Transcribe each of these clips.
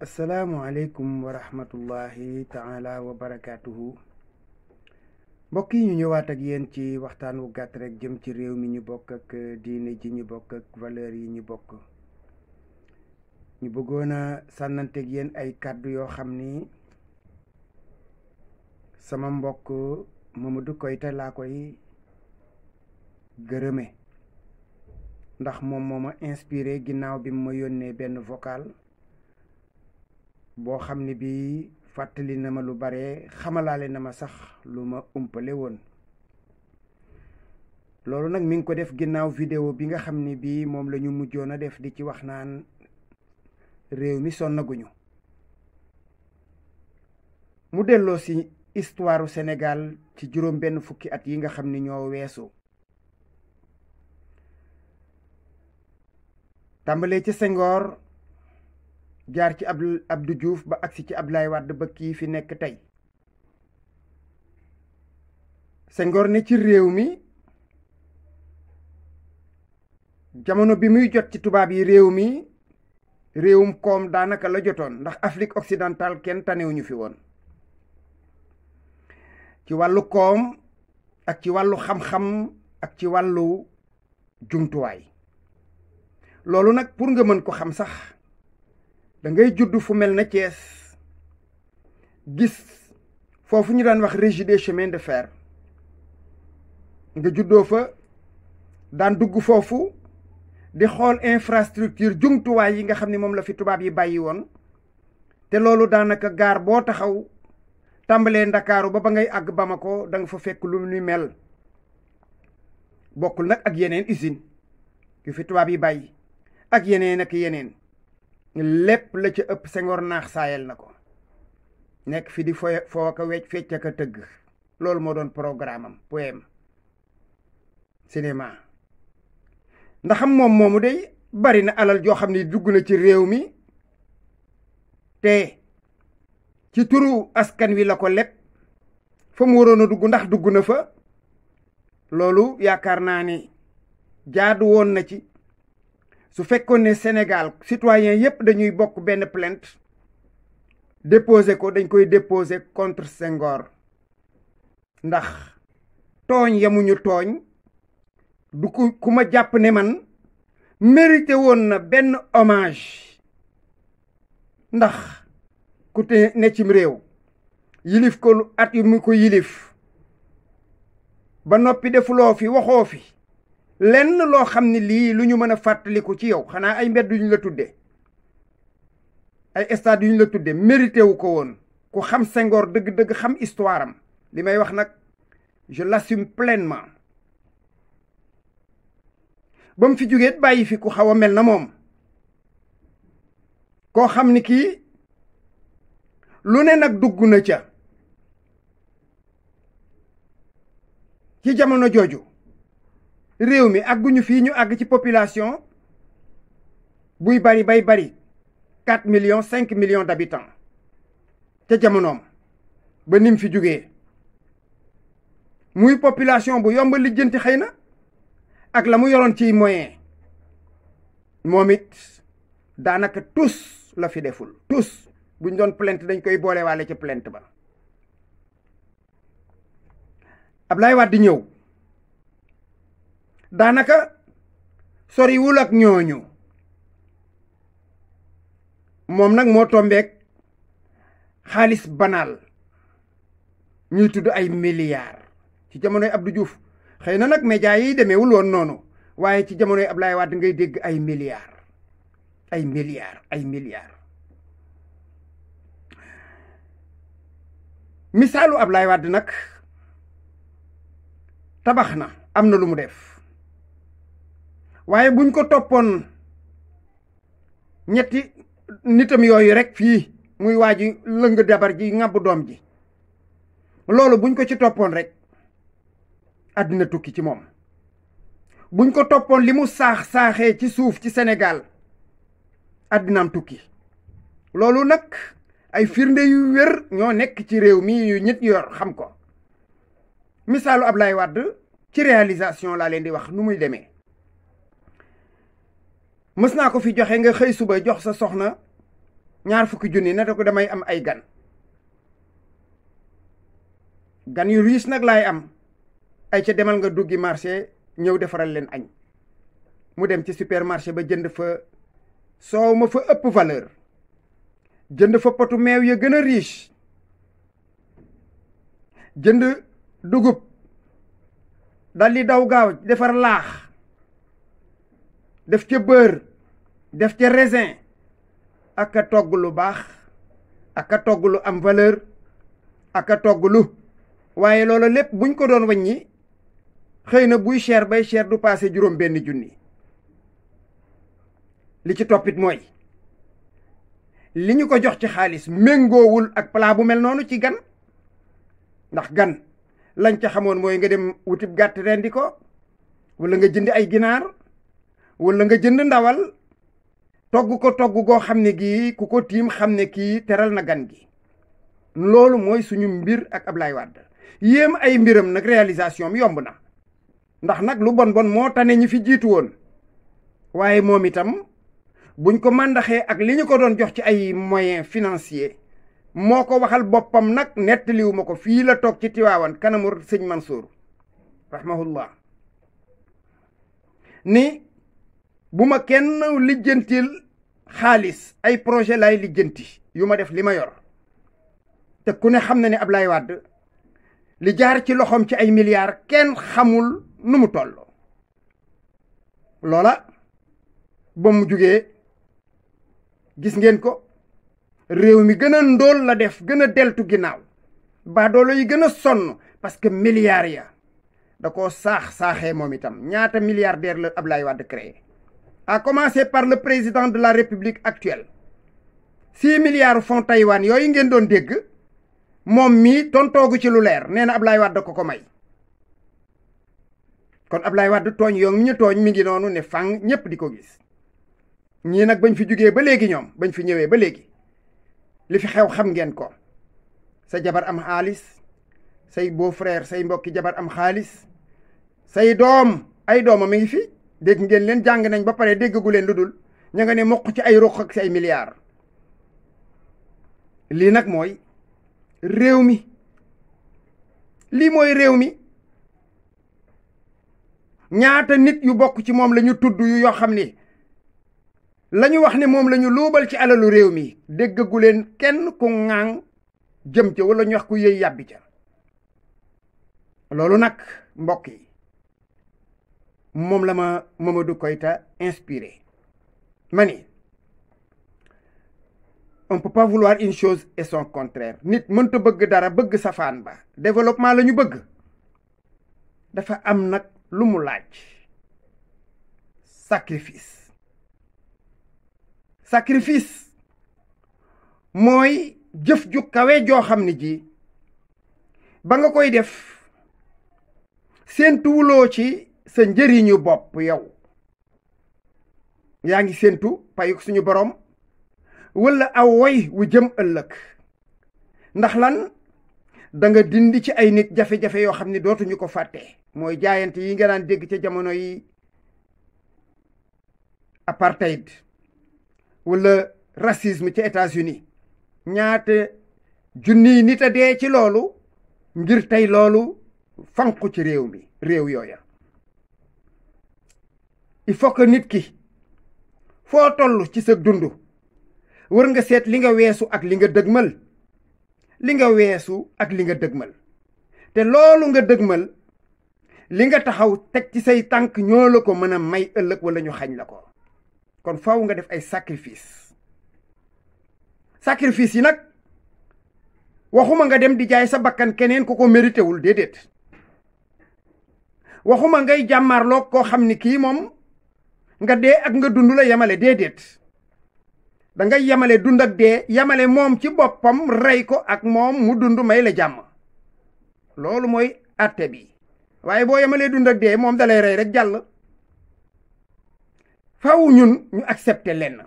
asalaamualeykum wa rahmatullahi taala wa barakaatuhu mbokk yi ñu ñëwaat ak yéen ci waxtaan wu gàtt rek jëm ci réew mi ñu bokk ak euh, diine ji ñu bokk ak valeur yi ñu bokk ñu bëggoon a sànnanteeg yéen ay kàddu yoo xam ni sama mbokk koy Koyta laa koy gërëme ndax moom moo ma inspiré ginnaaw bi mu ma yónnee benn vocal boo xam ne bii fàttali na ma lu bare xamalaale na ma sax lu ma umpale woon loolu nag mi ngi ko def ginnaaw vidéo bi nga xam ne bii moom lañu mujjoon a def di ci wax naan réew mi naguñu mu delloo si histoireu senegaal ci juróom benn fukki at yi nga xam ni ñoo weesu tàmbalee ci Senghor jaar ci ab Abdou juuf ba agsi ci Ablaye Wade ba kii fi nekk tey Senghor ne ci réew mi jamono bi muy jot ci tubaab yi réew mi réewum koom daanaka la jotoon ndax Afrique occidentale kenn tanewuñu fi woon ci wàllu koom ak ci wàllu xam-xam ak ci wàllu jumtuwaay loolu nag pour nga mën ko xam sax dangay ngay judd fu mel na Thiès gis foofu ñu daan wax régie des chemins de fer nga juddoo fa daan dugg foofu di xool infrastructure jumtuwaay yi nga xam ni moom la fi tubaab yi bàyyi woon te loolu daanaka gaar boo taxaw tàmbalee ndakaaru ba ba ngay àgg Bamako da nga fa fekk lu nu mel bokkul nag ak yeneen usine yu fi tubaab yi bàyyi ak yeneen ak yeneen lépp la ci ëpp Senghor naax saayal na ko nekk fi di foy foo ka wecc fecc tëgg loolu moo doon programme am poème cinéma ndax moom moomu day bari na alal joo xam ne dugg na ci réew mi te ci turu askan wi la ko leb fa waroon a dugg ndax dugg na fa loolu yaakaar naa ni jaadu woon na ci su fekkoon ne Sénégal citoyen yépp dañuy bokk benn plainte déposé ko dañ koy déposé contre Senghor ndax tooñ yamuñu tooñ du ku ku ma jàpp ne man mérité woon na benn hommage ndax ku te ne cim réew yilif ko lu at yu mu ko yilif ba noppi defuloo fi waxoo fi lenn loo xam ne lii lu ñu mën a fàttaliku ci yow xanaa ay mbedd yuñ la tudde ay stade yuñ la tudde mérité wu ko woon ku xam sengoor dëgg-dëgg xam histoire li may wax nag je l'assume pleinement ba mu fi jógeet bàyyi fi ku xaw a mel na moom koo xam ni kii lu ne nag dugg na ca ci jamono jooju réew mi àgguñu fii ñu àgg ci population buy bari bay bari quatre millions cinq millions d'habitants ca jamonoom ba nim fi jógee muy population bu yomb lijjanti xëy na ak la mu yoroon ci moyen moom it daanaka tous la fi deful tous buñ doon plainte dañ koy boolewaale ci plainte ba Ablaye Wade di ñëw daanaka soriwul ak ñooñu moom nag moo tombeek xaalis banaal ñuy tudd ay milliards ci jamonoy Abdou Diouf xëy na nag médias yi demeewul woon noonu waaye ci jamonoy Ablaye Wade ngay dégg ay milliards ay milliards ay milliards misaalu Ablaye nag tabax na am na lu mu def waaye buñ ko toppoon ñetti nitam yooyu rek fii muy waa ji lëng dabar ji ŋàbb doom ji loolu buñ ko ci toppoon rek àddina tukki ci moom buñ ko toppoon li mu saax saaxee ci suuf ci Sénégal àddinaam tukki loolu nag ay firnde yu wér ñoo nekk ci réew mi yu ñit yor xam ko misaalu Ablaye wàdd ci réalisation laa leen di wax nu muy demee mës naa ko fi joxe nga xëy suba jox sa soxna ñaar fukki junni ne ko damay am ay gan gan yu riis nag laay am ay ca demal nga duggi marché ñëw defaral leen añ mu dem ci supermarché ba jënd fa soow ma fa ëpp valeur jënd fa potu meew ya gën a riche jënd dugub dal di daw gaaw defar laax def ca bër def ca raisin ak a togg lu baax ak a togg lu am valeur ak a togg lu waaye loolu lépp buñ ko doon wàññi xëy na buy cher bay cher du passé juróom benn junni li ci toppit mooy li ñu ko jox ci xaalis méngoowul ak plat bu mel noonu ci gan ndax gan lañ ca xamoon mooy nga dem wutib gàtt rendi ko wala nga jënd ay ginaar wala nga jënd ndawal togg ko togg goo xam ne gii ku ko tiim xam ne kii teral na gan gi loolu mooy suñu mbir ak Ablaye Wade yéem ay mbiram nag réalisation yomb na ndax nag lu bon bon moo tane ñu fi jiitu woon waaye moom itam buñ ko màndaxee ak li ñu ko doon jox ci ay moyen financiers moo ko waxal boppam nag nettaliwuma ko fii la toog ci Tiwaawan kanamu sëñ Mansour rahmahullah ni bu ma kenn lijjantil xaalis ay projet lay lijjanti yu ma def li ma yor te ku ne xam na ne ab lay li jaar ci loxoom ci ay milliards kenn xamul nu mu toll loola ba mu jógee gis ngeen ko réew mi gën a ndóol la def gën a deltu ginnaaw baadoolo yi gën a sonn parce que milliards ya da koo saax saaxee moom itam ñaata milliardaire la Ablaye Wade créé à commencer par le président de la république actuelle six milliards fonds Taïwan yooyu ngeen doon dégg moom mii tontoogu ci lu leer nee na Ablaye Wade ko ko may kon Ablaye Wade tooñ yoon mi ñu tooñ mi ngi noonu ne fang ñépp di ko gis ñii nag bañ fi jugee ba léegi ñoom bañ fi ñëwee ba léegi li fi xew xam ngeen ko sa jabar am xaalis say beau say mbokki jabar am xaalis say doom ay dooma mi ngi fi dégg ngeen leen jàng nañ ba pare déggagu leen lu dul ña nga ne mokk ci ay roq ak ci ay milliards lii nag mooy réew mi lii mooy réew mi ñaata nit yu bokk ci moom lañu tudd yu yoo xam ni la wax ni moom lañu ñu luubal ci alalu réew mi déggagu leen kenn ku ŋaang jëm ca wala ñu wax ku yëy yàbbi ca loolu nag mbokk yi moom la ma Mamadou Koïta inspiré mani ni on peut pas vouloir une chose et son contraire nit mënta bëgg dara bëgg safaan ba développement la ñu bëgg dafa am nag lu mu laaj sacrifice sacrifice mooy jëf ju kawe joo xam ne ji ba nga koy def seentuwuloo ci sa njëriñu bopp yow yaa ngi séentu payuk suñu boroom walla aw woy wu jëm ëllëg ndax lan danga nga dindi ci ay nit jafe-jafe yoo xam ne dootuñu ko fàtte mooy jaayante yi nga naan dégg ca jamono yi apartheid walla racisme ci États-Unis ñaata junni nit a dee ci loolu ngir tey loolu fanqu ci réew mi réew yooya il faut que nit ki foo tollu ci sa dund war nga seet li nga weesu ak li nga dëgmal li nga weesu ak li nga dëgmal te loolu nga dëgmal li nga taxaw teg ci say tànk ñoo la ko mën a may ëllëg wala ñu xañ la ko kon faw nga def ay sacrifice sacrifice yi nag waxuma nga dem di jaay sa bakkan keneen ku ko mérité wul déedéet waxuma ngay jàmmaarloo koo xam ni kii moom nga dee ak nga dund la yemale déedéet da nga yemale dund ak dee yemale moom ci boppam rey ko ak moom mu dund may la jàmm loolu mooy àtte bi waaye boo yamalee dund ak dee moom dalay rey rek jàll faw ñun ñu accepter lenn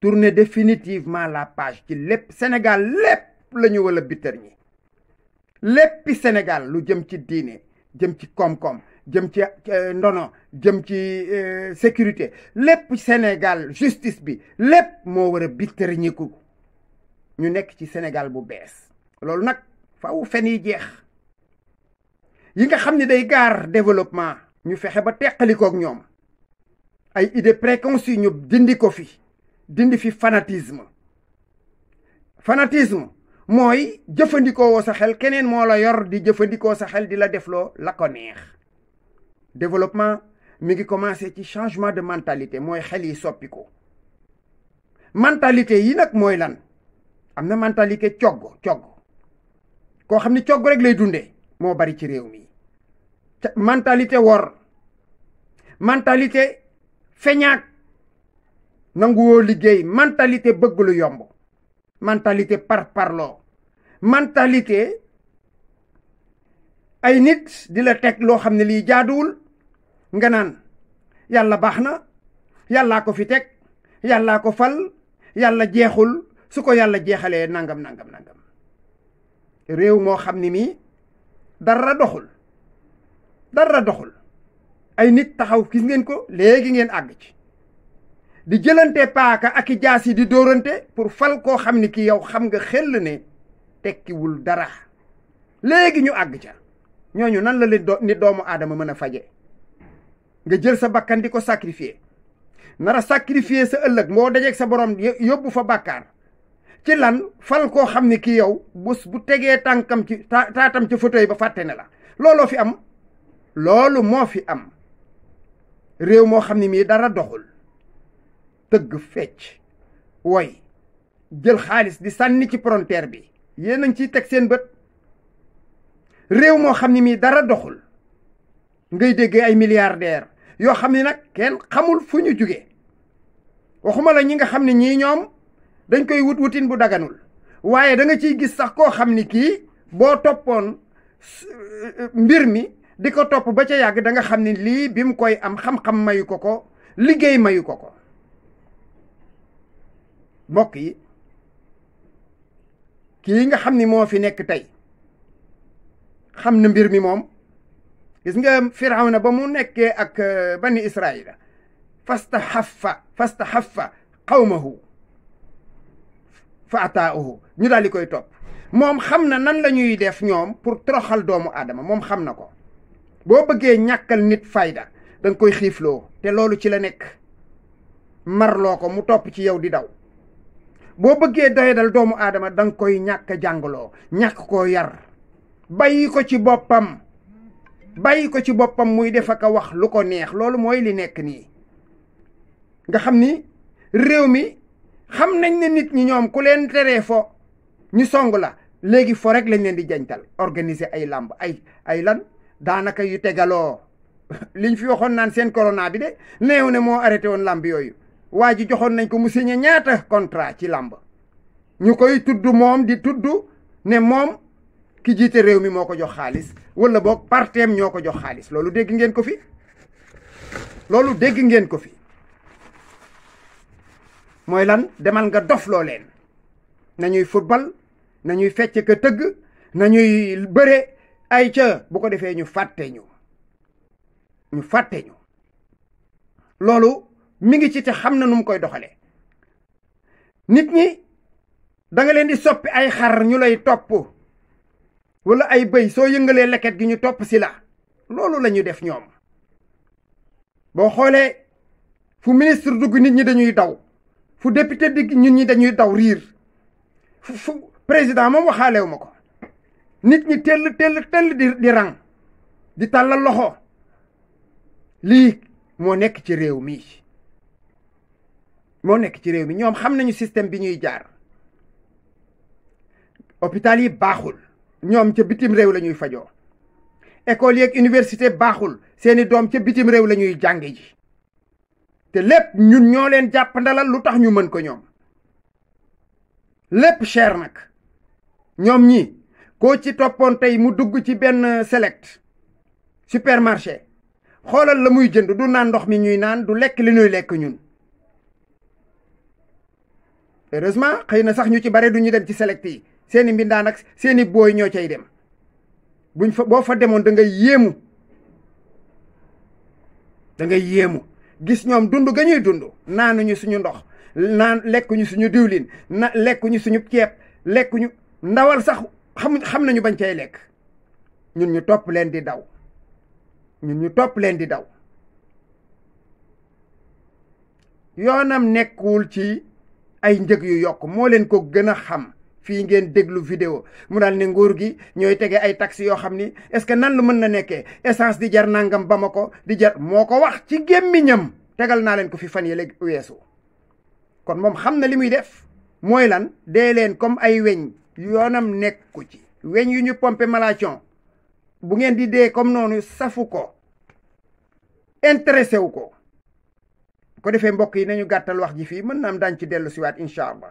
tourner définitivement la page ci lépp Sénégal lépp la ñu wala bitter ñi léppi Sénégal lu jëm ci diine jëm ci koom-koom jëm ci euh, ndono jëm ci euh, sécurité lépp Sénégal justice bi lépp moo war a bitëriñiku ñu nekk ci Sénégal bu bees loolu nag faw fen yi jeex yi nga xam ni day gaar développement ñu fexe ba teqalikook ñoom ay idées préconçues ñu dindi ko fi dindi fi fanatisme fanatisme mooy jëfandikoo woo sa xel keneen moo la yor di jëfandikoo sa xel di la defloo la ko neex développement mi ngi commencé ci changement de mentalité mooy xel yi soppi ko mentalité yi nag mooy lan am na mentalité cogg cogg koo xam ni cogg rek lay dundee moo bari ci réew mi mentalité wor mentalité feñaak nanguwoo liggéey mentalité bëgg lu yomb mentalité par parloo mentalité ay nit di la teg loo xam ne lii jaaduwul nga naan yàlla baax na yàllaa ko fi teg yàllaa ko fal yàlla jeexul su ko yàlla jeexalee nangam nangam nangam réew moo xam ni mii dara doxul dara doxul ay nit taxaw ki ngeen ko léegi ngeen àgg ci di jëlante paaka ak i jaas yi di dóorante pour fal koo xam ne ki yow xam nga xel ne tekkiwul dara léegi ñu àgg ca ñooñu nan la leen do nit doomu aadama mën a faje nga jël sa bakkan di ko sacrifier nara sacrifier sa ëllëg moo dajeeg sa borom yóbbu fa bàkkaar ci lan fal koo xam ne kii yow bés bu tegee tànkam ci taatam ci fauteuil ba fàtte ne la looloo fi am loolu moo fi am réew moo xam ne mii dara doxul tëgg fecc woy jël xaalis di sànni ci frontière bi yéen a ciy teg seen bët réew moo xam ne mii dara doxul ngay dégg ay milliardaire yoo xam ni nag kenn xamul fu ñu jugee waxuma la ñi nga xam ne ñii ñoom dañ koy wut wutin bu daganul waaye danga nga ciy gis sax koo xam ni kii boo toppoon euh, mbir mi di ko topp ba ca yàgg danga xam ne lii bi mu koy am xam-xam mayu ko ko liggéey mayu ko ko mbokk yi kii nga xam ni moo fi nekk tey xam na mbir mi moom gis nga firawna ba mu nekkee ak euh, bani israila fastaxaffa fastaxaffa qawmahu fa ataauhu ñu daal di koy topp moom xam na nan la ñuy def ñoom pour toroxal doomu aadama moom xam na ko boo bëggee ñàkkal nit fayda danga koy xiifloo te loolu ci la nekk marloo ko mu topp ci yow di daw boo bëggee doyadal doomu aadama danga koy ñàkk jàngaloo ñàkk koo yar bàyyi ko ci boppam bàyyi ko ci boppam muy def ak wax lu ko neex loolu mooy li nekk nii nga xam ni réew mi xam nañ ne nit ñi ñoom ku leen teree fo ñu song la léegi fo rek lañ leen di jañtal organiser ay làmb ay ay lan daanaka yu tegaloo liñ fi waxoon naan seen corona bi de néew ne moo arrêté woon làmb yooyu waa ji joxoon nañ ko mu signé ñaata contrat ci làmb ñu koy tudd moom di tudd ne moom ki jiite réew mi moo ko jox xaalis wala boog parteem ñoo ko jox xaalis loolu dégg ngeen ko fi loolu dégg ngeen ko fi mooy lan demal nga dof loo leen nañuy football nañuy fecc ka tëgg nañuy bëre ay ca bu ko defee ñu fàtte ñu ñu fàtte ñu loolu mi ngi ci te xam na nu mu koy doxale nit ñi danga leen di soppi ay xar ñu lay topp wala ay bëy soo yëngalee leket gi ñu topp si la loolu la ñu def ñoom boo xoolee fu ministre dugg nit ñi dañuy daw fu député digg ñun ñi dañuy daw riir fu fu président moom waxaalewu ko nit ñi tell tell tell di di rang di tàllal loxo lii moo nekk ci réew mi moo nekk ci réew mi ñoom xam nañu système bi ñuy jaar hôpital yi baaxul ñoom ca bitim réew la ñuy fajoo école yeeg université baaxul seeni doom ca bitim réew la ñuy jànge ji te lépp ñun ñoo leen jàpp ndalal lu tax ñu mën ko ñoom lépp cher nag ñoom ñi koo ci toppoon tey mu dugg ci benn select supermarché xoolal la muy jënd du naan ndox mi ñuy naan du lekk li ñuy lekk ñun heureusement xëy na sax ñu ci bare du ñu dem ci select yi seeni i mbindaan ak booy ñoo cay dem buñ fa boo fa demoon da ngay yéemu da yéemu gis ñoom dund ga ñuy dund naanuñu suñu ndox naan lekkuñu suñu diwlin na lekkuñu suñu ceeb lekkuñu ndawal sax xam xam nañu bañ cay lekk ñun ñu topp leen di daw ñun ñu topp leen di daw yoonam nekkul ci ay njëg yu yokk moo leen ko gën a xam fii ngeen déglu video mu daal ne nguur gi ñooy tege ay taxes yoo xam ni est-ce que nan lu mën na nekkee essence di jar nangam ko di jar moo ko wax ci gémmiñam tegal naa leen ko fi fan yi léegi weesu kon moom xam na li muy def mooy lan dee leen comme ay weñ yoonam nekku ci weñ yu ñu pompe malation bu ngeen di dee comme noonu safu ko intéressé wu ko ko defee mbokk yi nañu gàttal wax ji fii mën na am ci dellu siwaat incha allah